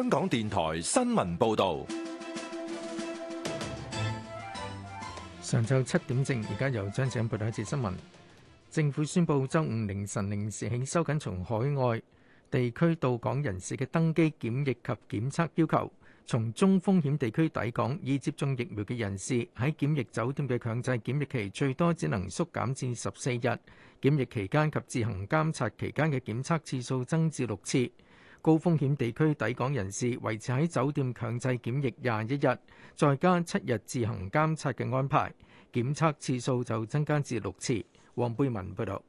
香港電台新聞報道，上晝七點正，而家由張子欣報道一節新聞。政府宣布，周五凌晨零時起，收緊從海外地區到港人士嘅登機檢疫及檢測要求。從中風險地區抵港已接種疫苗嘅人士，喺檢疫酒店嘅強制檢疫期最多只能縮減至十四日。檢疫期間及自行監察期間嘅檢測次數增至六次。高風險地區抵港人士維持喺酒店強制檢疫廿一日，再加七日自行監測嘅安排，檢測次數就增加至六次。黃貝文報道。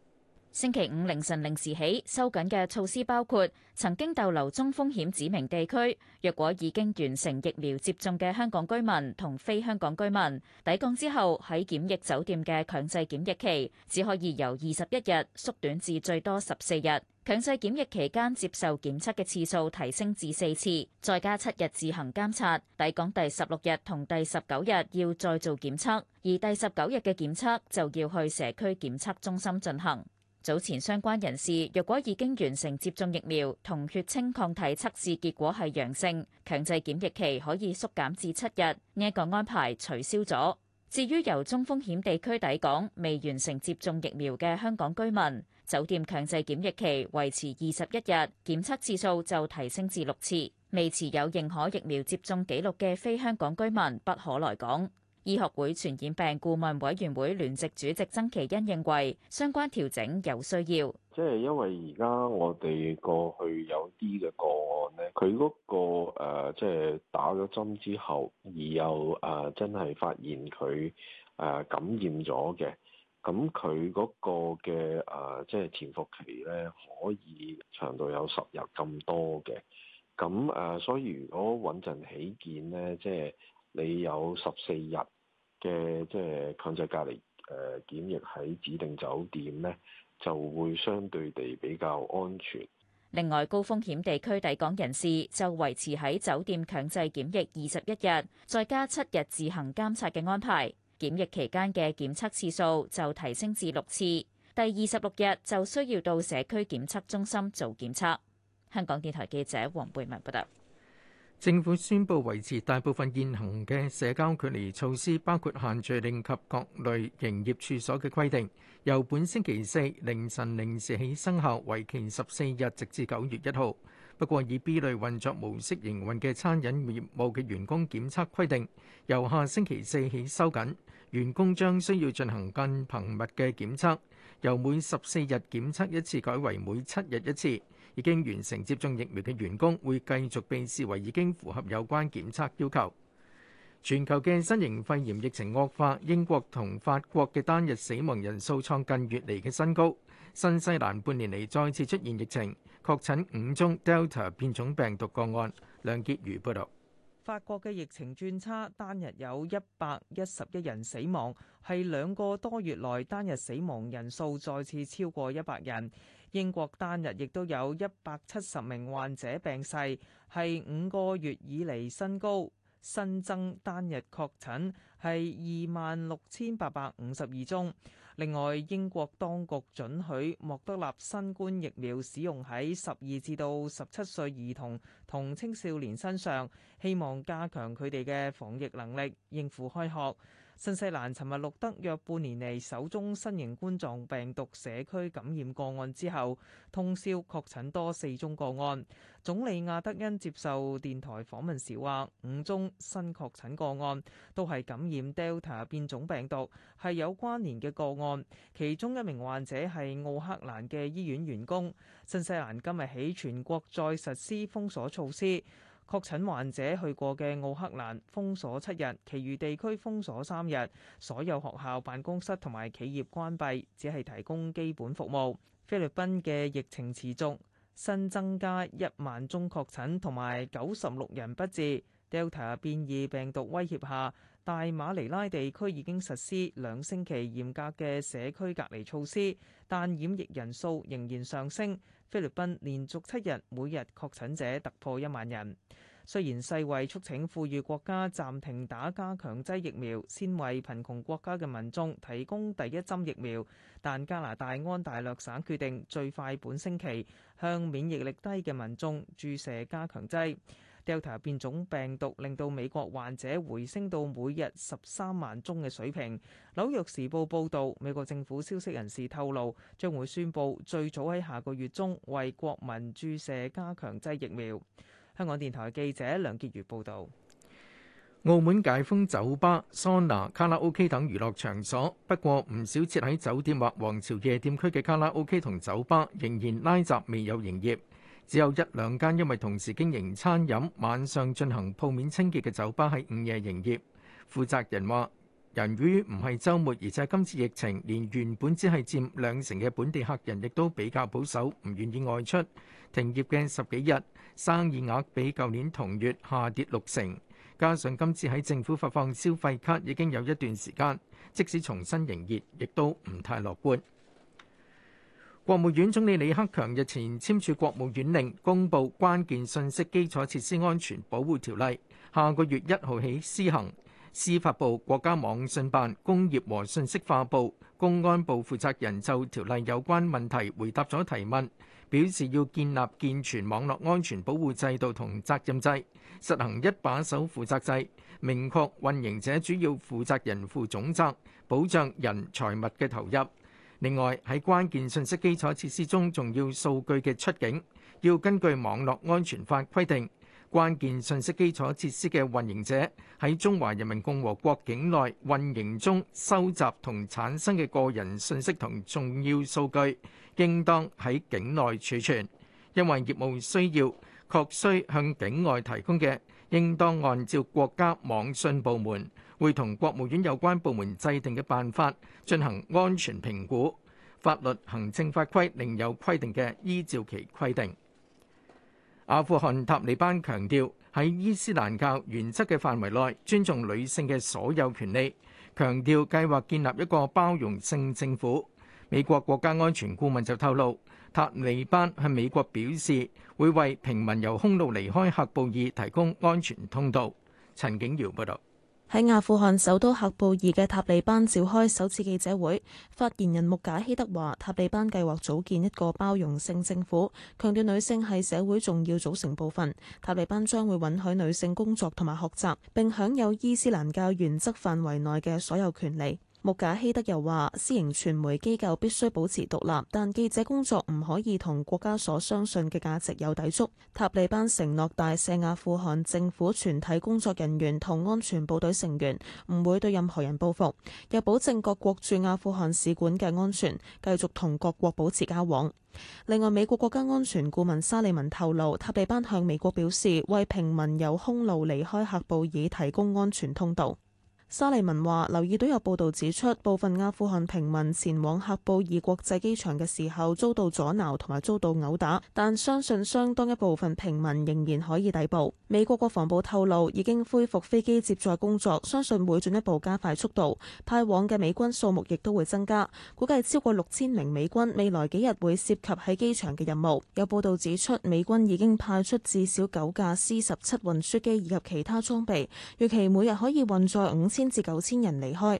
星期五凌晨零時起，收緊嘅措施包括曾經逗留中風險指明地區，若果已經完成疫苗接種嘅香港居民同非香港居民抵港之後，喺檢疫酒店嘅強制檢疫期只可以由二十一日縮短至最多十四日。強制檢疫期間接受檢測嘅次數提升至四次，再加七日自行監察。抵港第十六日同第十九日要再做檢測，而第十九日嘅檢測就要去社區檢測中心進行。早前相關人士若果已經完成接種疫苗同血清抗體測試結果係陽性，強制檢疫期可以縮減至七日。呢一個安排取消咗。至於由中風險地區抵港未完成接種疫苗嘅香港居民，酒店強制檢疫期維持二十一日，檢測次數就提升至六次。未持有認可疫苗接種記錄嘅非香港居民不可來港。醫學會傳染病顧問委員會聯席主席曾其恩認為，相關調整有需要。即係因為而家我哋過去有啲嘅個案咧，佢嗰、那個誒，即、呃、係、就是、打咗針之後，而又誒、呃、真係發現佢誒、呃、感染咗嘅，咁佢嗰個嘅誒，即係潛伏期咧，可以長度有十日咁多嘅。咁誒、呃，所以如果穩陣起見咧，即、就、係、是。你有十四日嘅即係強制隔離誒檢疫喺指定酒店咧，就會相對地比較安全。另外，高風險地區抵港人士就維持喺酒店強制檢疫二十一日，再加七日自行監察嘅安排。檢疫期間嘅檢測次數就提升至六次，第二十六日就需要到社區檢測中心做檢測。香港電台記者黃貝文報道。政府宣布維持大部分現行嘅社交距離措施，包括限聚令及各類營業處所嘅規定，由本星期四凌晨零時起生效，為期十四日，直至九月一號。不過，以 B 類運作模式營運嘅餐飲業務嘅員工檢測規定，由下星期四起收緊，員工將需要進行更頻密嘅檢測，由每十四日檢測一次，改為每七日一次。已經完成接種疫苗嘅員工會繼續被視為已經符合有關檢測要求。全球嘅新型肺炎疫情惡化，英國同法國嘅單日死亡人數創近月嚟嘅新高。新西蘭半年嚟再次出現疫情，確診五宗 Delta 變種病毒個案。梁潔如報導。法國嘅疫情轉差，單日有一百一十一人死亡，係兩個多月內單日死亡人數再次超過一百人。英國單日亦都有一百七十名患者病逝，係五個月以嚟新高。新增單日確診係二萬六千八百五十二宗。另外，英國當局准許莫德納新冠疫苗使用喺十二至到十七歲兒童同青少年身上，希望加強佢哋嘅防疫能力，應付開學。新西蘭尋日錄得約半年嚟首宗新型冠狀病毒社區感染個案之後，通宵確診多四宗個案。總理亞德恩接受電台訪問時話，五宗新確診個案都係感染 Delta 變種病毒，係有關聯嘅個案。其中一名患者係奧克蘭嘅醫院員工。新西蘭今日起全國再實施封鎖措施。確診患者去過嘅奧克蘭封鎖七日，其餘地區封鎖三日，所有學校、辦公室同埋企業關閉，只係提供基本服務。菲律賓嘅疫情持續，新增加一萬宗確診同埋九十六人不治。Delta 變異病毒威脅下，大馬尼拉地區已經實施兩星期嚴格嘅社區隔離措施，但染疫人數仍然上升。菲律賓連續七日每日確診者突破一萬人。雖然世衛促請富裕國家暫停打加強劑疫苗，先為貧窮國家嘅民眾提供第一針疫苗，但加拿大安大略省決定最快本星期向免疫力低嘅民眾注射加強劑。Delta 變種病毒令到美國患者回升到每日十三萬宗嘅水平。紐約時報報導，美國政府消息人士透露，將會宣布最早喺下個月中為國民注射加強劑疫苗。香港電台記者梁潔如報導。澳門解封酒吧、桑拿、卡拉 OK 等娛樂場所，不過唔少設喺酒店或皇朝夜店區嘅卡拉 OK 同酒吧仍然拉閘未有營業。只有一兩間因為同時經營餐飲，晚上進行鋪面清潔嘅酒吧喺午夜營業。負責人話：人魚唔係週末，而且今次疫情，連原本只係佔兩成嘅本地客人，亦都比較保守，唔願意外出。停業嘅十幾日，生意額比舊年同月下跌六成。加上今次喺政府發放消費卡已經有一段時間，即使重新營業，亦都唔太樂觀。國務院總理李克強日前簽署國務院令，公布《關鍵信息基礎設施安全保護條例》，下個月一號起施行。司法部、國家網信辦、工業和信息化部、公安部負責人就條例有關問題回答咗提問，表示要建立健全網絡安全保護制度同責任制，實行一把手負責制，明確運營者主要負責人負總責，保障人財物嘅投入。另外，喺關鍵信息基礎設施中重要數據嘅出境，要根據《網絡安全法》規定，關鍵信息基礎設施嘅運營者喺中華人民共和國境內運營中收集同產生嘅個人信息同重要數據，應當喺境內儲存。因為業務需要，確需向境外提供嘅，應當按照國家網信部門會同國務院有關部門制定嘅辦法進行安全評估，法律行政法規另有規定嘅，依照其規定。阿富汗塔利班強調喺伊斯蘭教原則嘅範圍內尊重女性嘅所有權利，強調計劃建立一個包容性政府。美國國家安全顧問就透露，塔利班向美國表示會為平民由空路離開喀布爾提供安全通道。陳景瑤報道。喺阿富汗首都喀布爾嘅塔利班召開首次記者會，發言人穆賈希德話：塔利班計劃組建一個包容性政府，強調女性係社會重要組成部分。塔利班將會允許女性工作同埋學習，並享有伊斯蘭教原則範圍內嘅所有權利。穆賈希德又話：私營傳媒機構必須保持獨立，但記者工作唔可以同國家所相信嘅價值有抵觸。塔利班承諾大赦阿富汗政府全體工作人員同安全部隊成員，唔會對任何人報復，又保證各國駐阿富汗使館嘅安全，繼續同各國保持交往。另外，美國國家安全顧問沙利文透露，塔利班向美國表示為平民由空路離開喀布爾提供安全通道。沙利文話留意到有報道指出，部分阿富汗平民前往喀布爾國際機場嘅時候遭到阻撓同埋遭到毆打，但相信相當一部分平民仍然可以抵步。美國國防部透露已經恢復飛機接載工作，相信會進一步加快速度，派往嘅美軍數目亦都會增加，估計超過六千名美軍未來幾日會涉及喺機場嘅任務。有報道指出，美軍已經派出至少九架 C 十七運輸機以及其他裝備，預期每日可以運載五千。先至九千人離開。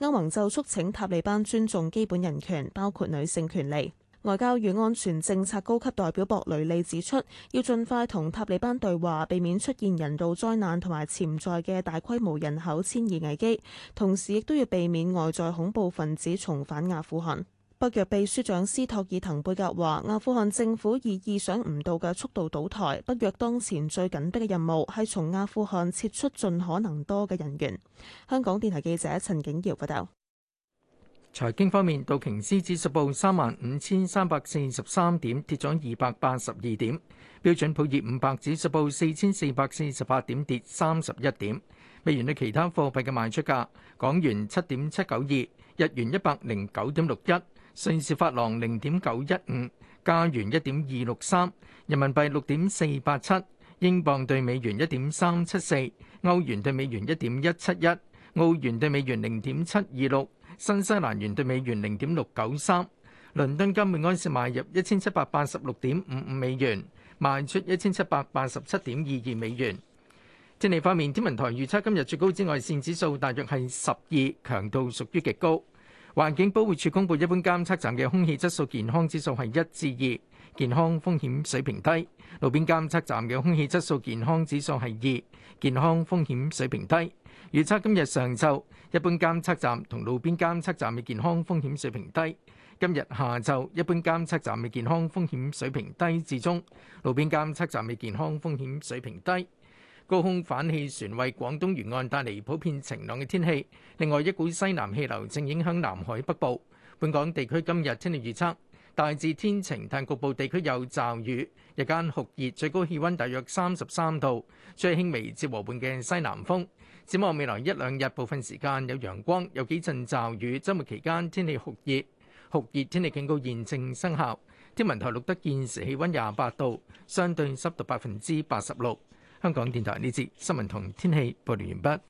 歐盟就促請塔利班尊重基本人權，包括女性權利。外交與安全政策高級代表博雷利指出，要盡快同塔利班對話，避免出現人道災難同埋潛在嘅大規模人口遷移危機，同時亦都要避免外在恐怖分子重返阿富汗。北約秘書長斯托爾滕貝格話：阿富汗政府以意想唔到嘅速度倒台，北約當前最緊迫嘅任務係從阿富汗撤出盡可能多嘅人員。香港電台記者陳景堯報道。財經方面，道瓊斯指數報三萬五千三百四十三點，跌咗二百八十二點；標準普爾五百指數報四千四百四十八點，跌三十一點。美元對其他貨幣嘅賣出價：港元七點七九二，日元一百零九點六一。瑞士法郎零點九一五，加元一點二六三，人民幣六點四八七，英鎊對美元一點三七四，歐元對美元一點一七一，澳元對美元零點七二六，新西蘭元對美元零點六九三。倫敦金每安士賣入一千七百八十六點五五美元，賣出一千七百八十七點二二美元。正利方面，天文台預測今日最高紫外線指數大約係十二，強度屬於極高。環境保護署公布，一般監測站嘅空氣質素健康指數係一至二，健康風險水平低；路邊監測站嘅空氣質素健康指數係二，健康風險水平低。預測今日上晝，一般監測站同路邊監測站嘅健康風險水平低；今日下晝，一般監測站嘅健康風險水平低至中，路邊監測站嘅健康風險水平低。高空反氣旋為廣東沿岸帶嚟普遍晴朗嘅天氣。另外，一股西南氣流正影響南海北部。本港地區今日天氣預測大致天晴，但局部地區有驟雨。日間酷熱，最高氣温大約三十三度，最輕微至和緩嘅西南風。展望未來一兩日，部分時間有陽光，有幾陣驟雨。周末期間天氣酷熱，酷熱天氣警告現正生效。天文台錄得現時氣温廿八度，相對濕度百分之八十六。香港電台呢節新聞同天氣報道完畢。